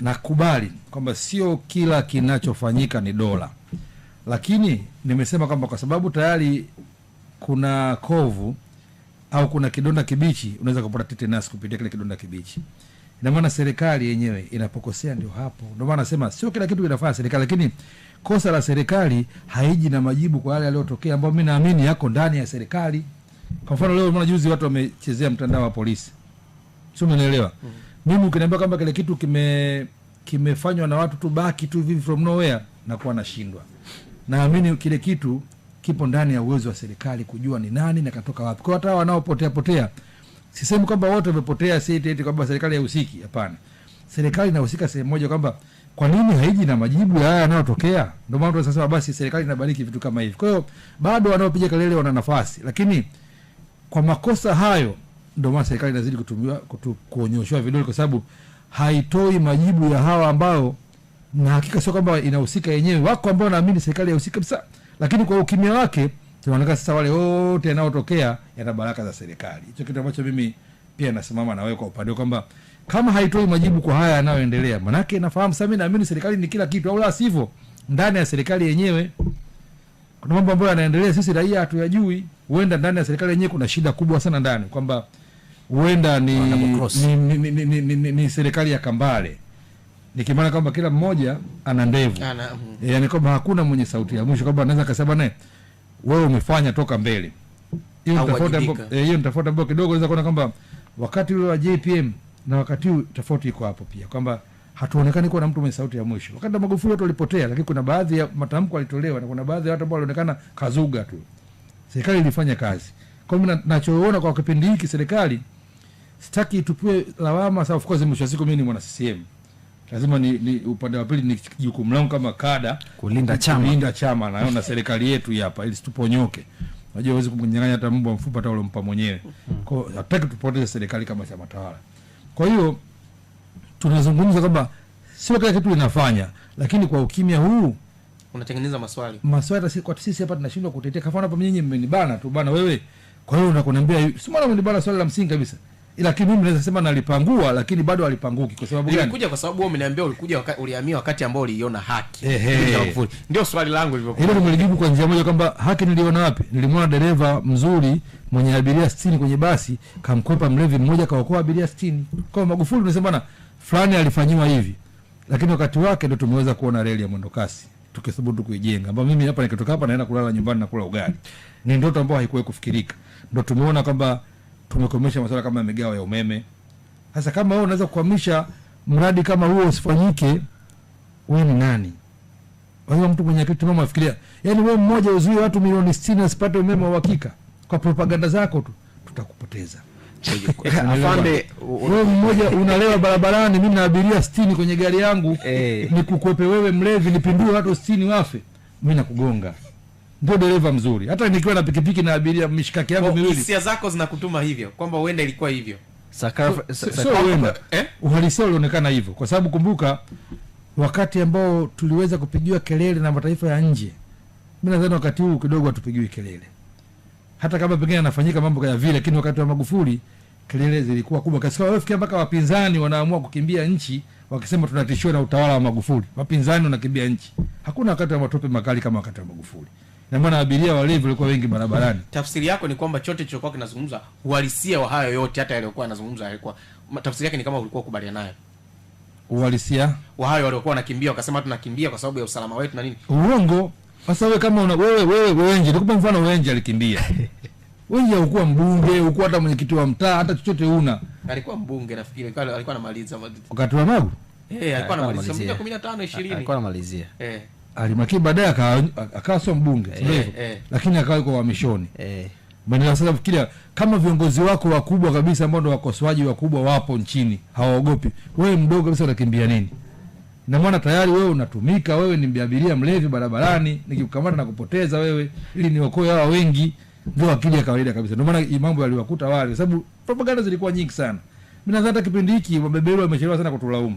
nakubali kwamba sio kila kinachofanyika ni dola, lakini nimesema kwamba kwa sababu tayari kuna kovu au kuna kidonda kibichi, unaweza kupata tetanus kupitia kile kidonda kibichi. Ina maana serikali yenyewe inapokosea ndio hapo. Ndio maana nasema sio kila kitu kinafanya serikali, lakini kosa la serikali haiji na majibu kwa yale yaliyotokea, ambayo mi naamini yako ndani ya serikali. Kwa mfano leo, unaona juzi watu wamechezea mtandao wa polisi, sio? Umeelewa? mm -hmm mimi ukiniambia kwamba kile kitu kime kimefanywa na watu tu baki tu hivi from nowhere, nakuwa nashindwa. Naamini kile kitu kipo ndani ya uwezo wa serikali kujua ni nani na katoka wapi. Kwa hata wanaopotea potea, sisemi kwamba wote wamepotea, si eti kwamba serikali haihusiki. Hapana, serikali inahusika sehemu moja, kwamba kwa nini haiji na majibu ya haya yanayotokea. Ndio maana tunasema basi serikali inabariki vitu kama hivi. Kwa hiyo bado wanaopiga kelele wana nafasi, lakini kwa makosa hayo ndio maana serikali inazidi kutumiwa kuonyoshwa vidole, kwa sababu haitoi majibu ya hawa ambao na hakika sio kwamba inahusika yenyewe. Wako ambao naamini serikali haihusiki kabisa, lakini kwa ukimya wake tunaonekana sasa wale wote yanayotokea yana baraka za serikali. Hicho kitu ambacho mimi pia nasimama na wewe kwa upande kwamba kama haitoi majibu kwa haya yanayoendelea, manake nafahamu sasa, mimi naamini serikali ni kila kitu, au la sivyo ndani ya serikali yenyewe kuna mambo ambayo yanaendelea, sisi raia hatuyajui. Huenda ndani ya serikali yenyewe kuna shida kubwa sana ndani kwamba huenda ni, ni, ni, ni, ni, ni, ni, ni serikali ya Kambale nikimaana kwamba kila mmoja ana ndevu ana, mm. Yani kwamba hakuna mwenye sauti ya mwisho, kwamba anaweza akasema naye wewe umefanya toka mbele. Eh, hiyo ni tofauti ambayo kidogo unaweza kuona kwamba wakati ule wa JPM na wakati huu tofauti iko hapo pia, kwamba hatuonekani kuwa na mtu mwenye sauti ya mwisho. Wakati wa Magufuli watu walipotea, lakini kuna baadhi ya matamko alitolewa na kuna baadhi ya watu ambao walionekana kazuga tu. Serikali ilifanya kazi. Kwa hiyo nachoona kwa kipindi hiki serikali sitaki tupiwe lawama. sababu of course mwisho wa siku mimi ni mwana CCM, lazima ni, ni upande wa pili ni jukumu langu kama kada kulinda chama, kulinda chama na na serikali yetu hapa, ili situponyoke Unajua huwezi kumnyang'anya hata mbwa mfupa hata ulompa mwenyewe. Kwa hiyo hataki tupoteze serikali kama chama tawala. Kwa hiyo tunazungumza kwamba sio kila kitu linafanya, lakini kwa ukimya huu unatengeneza maswali maswali. tasi, kwa sisi hapa tunashindwa kutetea. Kafana hapa nyinyi mmenibana tu bana, wewe. Kwa hiyo unakoniambia, si mbona umenibana swali la msingi kabisa lakini mimi naweza sema nalipangua, lakini bado alipanguki Kwa sababu gani? Nilikuja kwa sababu wewe umeniambia ulikuja waka, ulihamia wakati ambao uliiona haki. Ehe. Ndio swali langu lilivyokuwa. Hilo nimelijibu kwa njia moja kwamba haki niliona wapi? Nilimwona dereva mzuri mwenye abiria 60 kwenye basi, kamkwepa mlevi mmoja, kaokoa abiria 60. Kwa Magufuli tunasema na fulani alifanyiwa hivi, lakini wakati wake ndio tumeweza kuona reli ya mwendokasi tukithubutu kuijenga, ambayo mimi hapa nikitoka hapa naenda kulala nyumbani na kula ugali. Ni ndoto ambayo haikuwahi kufikirika, ndio tumeona kwamba tumekomesha masuala kama migao ya umeme. Sasa kama wewe unaweza kukwamisha mradi kama huo usifanyike, wewe ni nani? Wewe mtu mwenye kitu mama afikiria. Yaani wewe mmoja uzuie watu milioni 60 wasipate umeme wa uhakika kwa propaganda zako tu, tutakupoteza. Afande, wewe mmoja unalewa barabarani, mimi na abiria 60 kwenye gari yangu, hey. Eh. Nikukwepe wewe mlevi, nipindue watu 60 wafe, mimi nakugonga ndio dereva mzuri. Hata nikiwa na pikipiki na abiria mishikaki yangu oh, miwili, hisia zako zinakutuma hivyo kwamba huenda ilikuwa hivyo, sio huenda, eh? uhalisia ulionekana hivyo, kwa sababu kumbuka wakati ambao tuliweza kupigiwa kelele na mataifa ya nje, mi nadhani wakati huu kidogo hatupigiwi kelele, hata kama pengine anafanyika mambo ya vile, lakini wakati wa Magufuli kelele zilikuwa kubwa kiasi kwamba wafikia mpaka wapinzani wanaamua kukimbia nchi wakisema tunatishiwa na utawala wa Magufuli. Wapinzani wanakimbia nchi. Hakuna wakati wa matope makali kama wakati wa Magufuli na maana abiria walevi walikuwa wengi barabarani. Tafsiri yako ni kwamba chote kilichokuwa kinazungumza uhalisia wa hayo yote, hata yaliokuwa anazungumza yalikuwa tafsiri yake ni kama ulikuwa ukubaliana nayo uhalisia wa hayo waliokuwa wanakimbia, wakasema tunakimbia kwa sababu ya usalama wetu na nini. Uongo. Sasa wewe kama una wewe wewe Wenje, nikupa mfano Wenje alikimbia Wenje haukuwa mbunge, hukuwa hata mwenyekiti wa mtaa, hata chochote una. Alikuwa mbunge nafikiri, alikuwa anamaliza wakati wa Magu. Eh, alikuwa anamaliza 15 20. Alikuwa anamalizia. Eh. Alimakii baadaye akawa sio mbunge eh, eh, lakini akawa yuko uhamishoni eh. Maana sasa fikiria kama viongozi wako wakubwa kabisa ambao ndo wakosoaji wakubwa wapo nchini hawaogopi, wewe mdogo kabisa unakimbia nini? na maana tayari wewe unatumika, wewe ni mbiabiria mlevi barabarani, nikikukamata na kupoteza wewe ili niokoe hawa wengi. Ndio akija kawaida kabisa. Ndio maana mambo yaliwakuta wale, kwa sababu propaganda zilikuwa nyingi sana. Mimi nadhani hata kipindi hiki wabeberu wamechelewa sana kutulaumu.